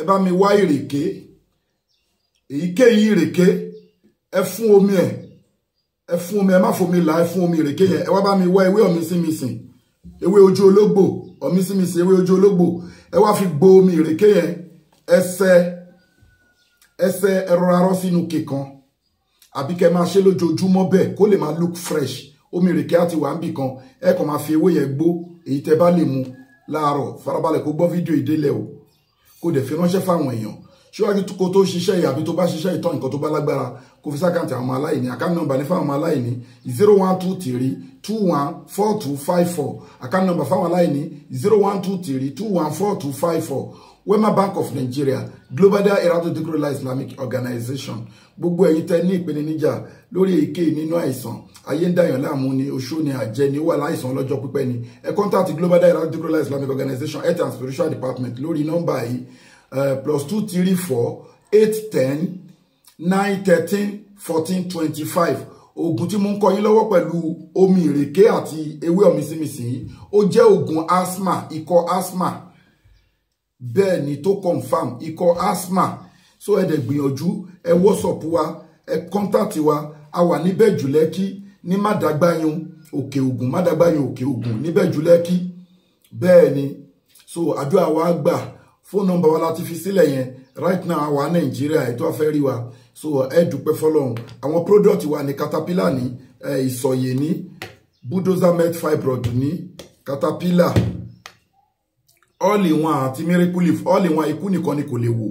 ẹ bá mi wá ìrèké èyíkéyìí ìrèké ẹ fún omi ẹ ẹ fún omi ẹ ma fomi là ẹ fún omi ìrèké yẹn ẹ wá bá mi wá ewé ọ̀mísìmísìn ewé ojú ológbò ọ̀mísìmísìn ewé ojú ológbò ẹ wá fi gbo omi ìrèké yẹn ẹsẹ ẹsẹ ẹ rọra rọ sínú kìkan àbí kẹ máa ṣe lójoojúmọ́ bẹ́ẹ̀ kó lè máa look fresh omi ìrèké àti wà ń bì kan ẹ kàn máa fi ewé yẹn gbó èyí tẹ bá lè mu láàárọ̀ farabalẹ̀ kó gbọ́ fídíò ìdílé o kó dẹ̀ fi ránṣẹ́ fáwọn èèyàn ṣíwájú kó tó ṣiṣẹ́ àbí tó bá ṣiṣẹ́ ìtọ́ nǹkan tó bá lágbára kó fi sákàǹtì àwọn aláìní àkáǹtì nọ́mbà ní fáwọn aláìní zero one two three two one four two five four àkáǹtì nọ́mbà fáwọn aláìní zero one two three two one four two five four Wema Bank of Nigeria Global Dahiratu Dhikrlahi Islamic Organization gbogbo ẹ̀yin tẹ́ ní ìpèníjà lórí èké nínú àìsàn ayé ń dàyàn láàmú ni oṣó ni àjẹ́ ni ó wà láìsàn ọlọ́jọ́ pípẹ́ ni ẹ kọ́ńtàtì Global Dahiratu Dhikrlahi Islamic Organization health and spiritual department lórí nọ́mbà yìí Eh, plus two three four eight ten nine thirteen fourteen twenty five oògùn tí mo ń kọ yín lọ́wọ́ pẹ̀lú omi ìrèké àti ewé ọ̀mísìmísì ó jẹ́ oògùn asthma ikọ́ asthma bẹ́ẹ̀ ni tó confam ikọ́ asthma so ẹ dẹ̀ gbìyànjú ẹ wọ́sọ̀pù wa ẹ kọ́ńtàtì wa a wà níbẹ̀ jùlẹ́kí ní mádàgbáyún òkè ògùn mádàgbáyún òkè ògùn níbẹ̀ jùlẹ́kí bẹ́ẹ̀ ni so àdúrà wa gbà fóònù nọ́mbà wa láti fi sílẹ̀ yẹn right now àwa nàìjíríà ètò afẹ́ wa so ẹ dúpẹ́ fọlọ́run àwọn product wa ní caterpillar ní ìsọ̀yè ní bulldozer met fibroid ní caterpillar all in one àti miracle leaf all in one ikú nìkan ni kò lè wò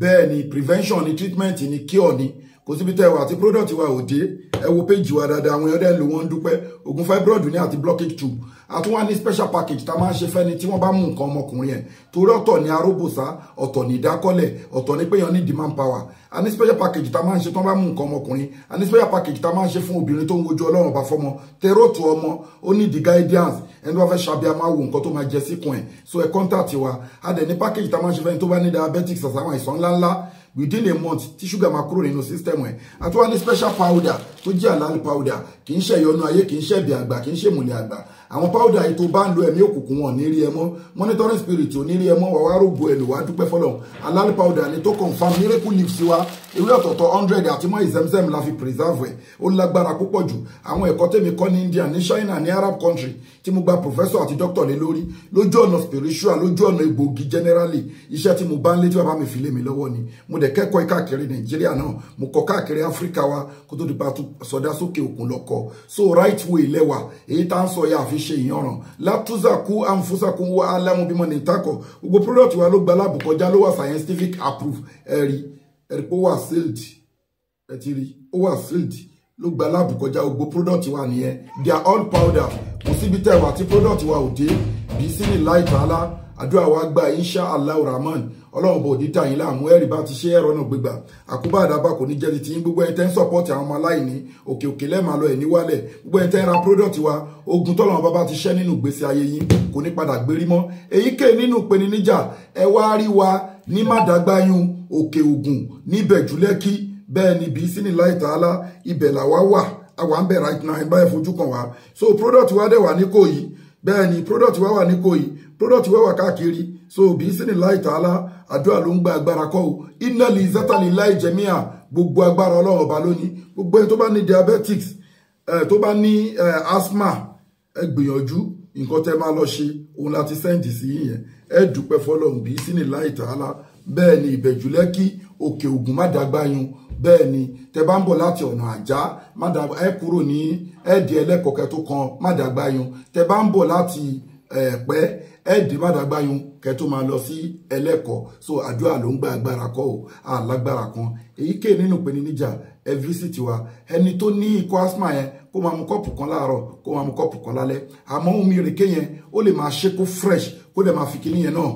bẹ́ẹ̀ ni prevention ni treatment ni cure ni kò síbi tẹ́ wà àti product wa ò dé ẹ wo péjì wa dáadáa àwọn èèyàn dẹ́ lò wọ́n ń dúpẹ́ fibroid ní àti blockage tube àtúnwá ní special package tá a máa ń ṣe fẹ́ni tí wọ́n bá mú nǹkan ọmọkùnrin ẹ̀ torí ọ̀tọ̀ ní aróbòsá ọ̀tọ̀ ní ìdákọ́lẹ̀ ọ̀tọ̀ ní péyàn ní demand power a ní special package tá a máa ń ṣe tó ń bá mú nǹkan ọmọkùnrin a ní special package tá a máa ń ṣe fún obìnrin tó ń wojú ọlọ́run bá fọmọ tẹ́rọ̀tù ọmọ ó ní the guidance ẹni tó bá fẹ́ ṣàbí a máa wo nǹkan tó máa jẹ síkùn ẹ̀ so ẹ contact wa a dẹ̀ ní package tá a máa ń ṣe fẹ́ni tó bá ní diabetics àtàwọn àìsàn ńláńlá within a month tí ṣúgà máa kúrò nínú system ẹ̀ àti wọ́n ní special powder tó jẹ́ àlàlì powder kì í ṣe ìyọnu ayé kì í ṣe ìbí àgbà kì í ṣe ìmùlẹ̀ àgbà àwọn powder yìí tó bá ń lo ẹ̀mí òkùnkùn wọn ní rí ẹ mọ́ monitoring spirit ò ní rí ẹ mọ́ wà rògbò ẹ̀lò wá dúpẹ́ fọlọ́n alálẹ́ powder ni tó confam miracle leaves wa ewé ọ̀tọ̀ọ̀tọ̀ hundred àti mọ́ ìzẹ́mzẹ́m la fi preserve ẹ̀ ó lágbára púpọ̀ jù àwọn ẹ̀kọ́ tèmi kọ́ ní India ní China ní Arab country tí mo gba professor àti doctor lé lórí lójú ọ̀nà spiritual lójú ọ̀nà egbògi generally iṣẹ́ tí mo bá ń lé tí bàbá mi fi lé mi lọ́wọ́ ni mo dẹ̀ kẹ́kọ̀ọ́ káàkiri Nàìjíríà náà mo kọ́ káàkiri Áfíríkà wa kó tó di pa sọdá sókè òkun lọ́kọ̀ so right way lẹ́wà èyí tá à ń sọ yà àfi ṣe ìyanràn látúnṣàkú àǹfọ̀ṣàkú wa alámú bímọ ní ìtakọ̀ gbogbo product wa ló gba láàbù kọjá ló wà scientific approved ẹ̀rí ẹ̀rí pé ó wà sealed ẹ ti rí ó wà sealed ló gba láàbù kọjá gbogbo product wa nìyẹn they are all powder kò síbi tẹ̀ tí product wa ò dé bí sínú láì tààlà àdúrà wa gba insha allah rahman ọlọ́run bò ní dà yín láàmú ẹ̀rì bá ti ṣe ẹ̀rọ náà gbégbà àkóbá àdábà kò ní jẹ́ ti yín gbogbo ẹni tẹ́ ń sọ́pọ́ọ̀tì àwọn ọmọ aláìní òkè òkè lẹ́ẹ̀ma lọ ẹ̀ní wálẹ̀ gbogbo ẹni tẹ́ ń ra product wa ogun tọ́lọ́run bàbá ti ṣẹ́ nínú ìgbésí ayé yín kò ní padà gbérí mọ́ èyíkéyìí nínú ìpèníjà ẹ wá rí wa ní mádàgbáyún òkè ògùn níbẹ̀ jùlẹ́kí bẹ́ẹ̀ ni bí sínú láì tààlà ibẹ̀ làwa wà àwa ń bẹ̀ right now ẹ̀ báyìí fojú kan wa so product wa dẹ̀ wà ní kò yìí bẹ́ẹ̀ ni product wa wà ní kò yìí product wa wà káàkiri so òbí sínú láì tààlà àdúrà ló ń gba agbára kọ́ o iná lè zátàlì láì jẹ̀míà gbogbo agbára ọlọ́run ọba lónìí gbogbo ẹni tó bá ní diabetics tó bá ní asthma ẹ gbìyànjú nǹkan tẹ́ máa lọ ṣe òun láti sẹ́ǹdì sí yìnyẹn ẹ dúpẹ́ fọlọ́run bí sínú láì tààlà bẹ́ẹ̀ ni ìbẹ̀jú lẹ́kì òkè ògùn má dàgbà yun bẹ́ẹ̀ ni tẹ bá ń bọ̀ láti ọ̀nà àjá má dàgbà ẹ kúrò ní ẹ̀ẹ́dì ẹlẹ́kọ̀ọ́kẹ́ tó kan má dàgbà yun tẹ bá ń bọ̀ láti ẹ̀pẹ́ ẹ̀ẹ́dì bàdàgbáyún kẹ́ tó máa lọ sí ẹlẹ́kọ̀ọ́ so àdúrà ló ń gba agbára kọ́ ò alágbára kan èyíkéyìí nínú ìpèníjà ẹ visit wa ẹni tó ní ikọ́ asthma yẹn kó máa mu kọ́ọ̀pù kan láàárọ̀ kó máa mu kọ́ọ̀pù kan lálẹ́ àmọ́ omi ìrèké yẹn ó lè máa ṣe fresh kó dẹ̀ máa fi kíní yẹn náà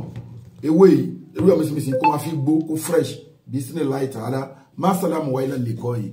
ewé yìí ewé ọ̀mísìmísì kó máa fi gbó kó fresh bí sínú láì tààlà má sálàmù wáyé lálẹ́ kọ́ yìí